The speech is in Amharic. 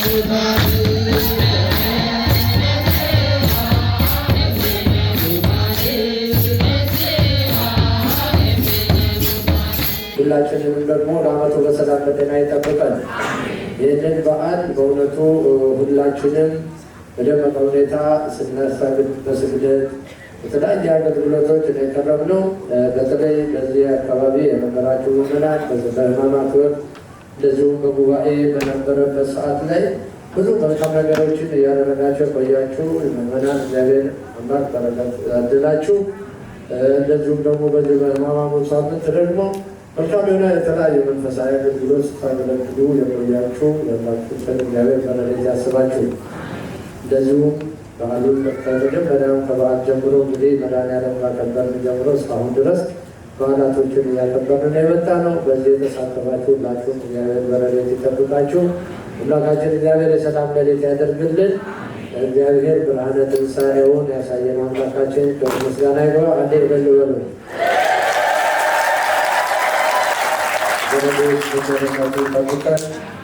ሁላችንንም ደግሞ ለዓመቱ በሰላም በጤና ይጠብቃል። ይህንን በዓል በእውነቱ ሁላችንም በደመቀ ሁኔታ ስናሳግድ በስግደት የተለያየ አገልግሎቶች የቀረብነው በተለይ በዚህ አካባቢ የነበራችሁ ምዕመናን በሕማማት ወቅት እንደዚሁም በጉባኤ በነበረበት ሰዓት ላይ ብዙ መልካም ነገሮችን እያደረጋቸው ቆያችሁ። የመመናን እግዚአብሔር አምላክ በረከት ያድላችሁ። እንደዚሁም ደግሞ በዚህ በሕማማቱ ሳምንት ደግሞ መልካም የሆነ የተለያየ መንፈሳዊ አገልግሎት ስታገለግሉ የቆያችሁ ያላችሁበት እግዚአብሔር በረከት ያስባችሁ። እንደዚሁም በዓሉን ከመጀመሪያው ከበዓል ጀምሮ እንግዲህ መድኃኒዓለም ካከበርን ጀምሮ እስካሁን ድረስ በዓላቶችን እያከበርን የመጣ ነው። በዚህ የተሳተፋችሁ ሁላችሁም እግዚአብሔር በረድኤት ይጠብቃችሁ። ሁላታችን እግዚአብሔር የሰላም ሌሊት ያደርግልን። እግዚአብሔር ብርሃነ ትንሣኤውን ያሳየን አምላካችን ከምስጋና ይ አንዴ በል በሉ በረድኤት ይጠብቃል።